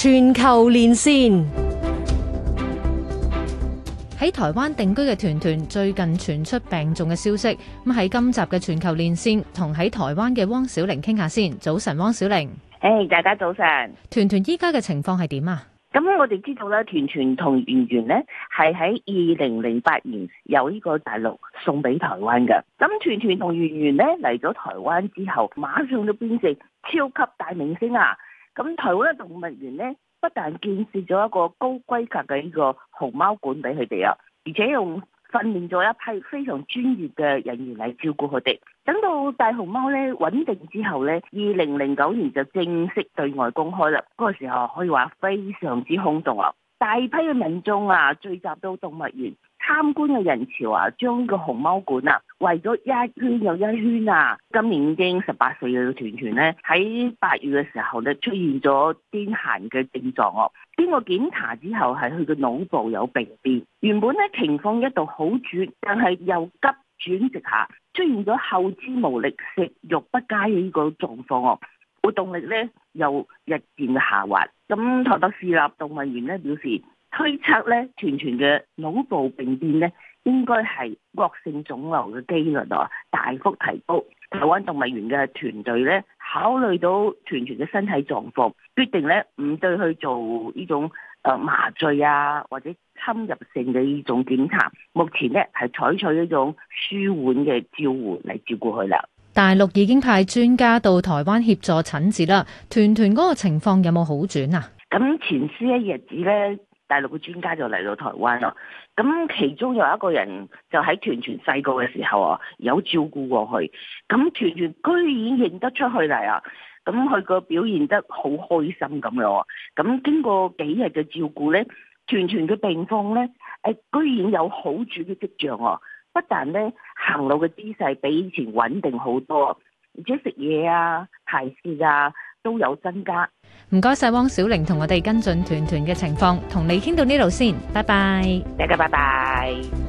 全球連線，喺台灣定居嘅團團最近傳出病重嘅消息，咁喺今集嘅全球連線同喺台灣嘅汪小玲傾下先。早晨，汪小玲，誒，hey, 大家早晨。團團依家嘅情況係點啊？咁我哋知道咧，團團同圓圓咧係喺二零零八年由呢個大陸送俾台灣嘅。咁團團同圓圓咧嚟咗台灣之後，馬上都變成超級大明星啊！咁台灣嘅動物園呢，不但建設咗一個高規格嘅呢個熊貓館俾佢哋啊，而且用訓練咗一批非常專業嘅人員嚟照顧佢哋。等到大熊貓呢穩定之後呢，二零零九年就正式對外公開啦。嗰個時候可以話非常之轟動啊，大批嘅民眾啊，聚集到動物園。參觀嘅人潮啊，將呢個熊貓館啊圍咗一圈又一圈啊！今年已經十八歲嘅團團咧，喺八月嘅時候咧出現咗癲癇嘅症狀哦。經過檢查之後，係佢嘅腦部有病變，原本咧情況一度好轉，但係又急轉直下，出現咗後肢無力、食慾不佳嘅呢個狀況哦。活動力咧又日漸下滑。咁台北市立動物園咧表示，推測咧，團團嘅腦部病變咧，應該係惡性腫瘤嘅機率啊，大幅提高。台灣動物園嘅團隊咧，考慮到團團嘅身體狀況，決定咧唔對佢做呢種誒麻醉啊，或者侵入性嘅呢種檢查。目前咧係採取一種舒緩嘅照顧嚟照顧佢啦。大陸已經派專家到台灣協助診治啦。團團嗰個情況有冇好轉啊？咁前幾一日子咧，大陸嘅專家就嚟到台灣咯，咁其中有一個人就喺團團細個嘅時候啊，有照顧過佢，咁團團居然認得出去嚟啊，咁佢個表現得好開心咁樣喎，咁經過幾日嘅照顧呢，團團嘅病況呢，誒居然有好轉嘅跡象，不但呢，行路嘅姿勢比以前穩定好多，而且食嘢啊、排泄啊，都有增加，唔該晒。汪小玲同我哋跟進團團嘅情況，同你傾到呢度先，拜拜，大家拜拜。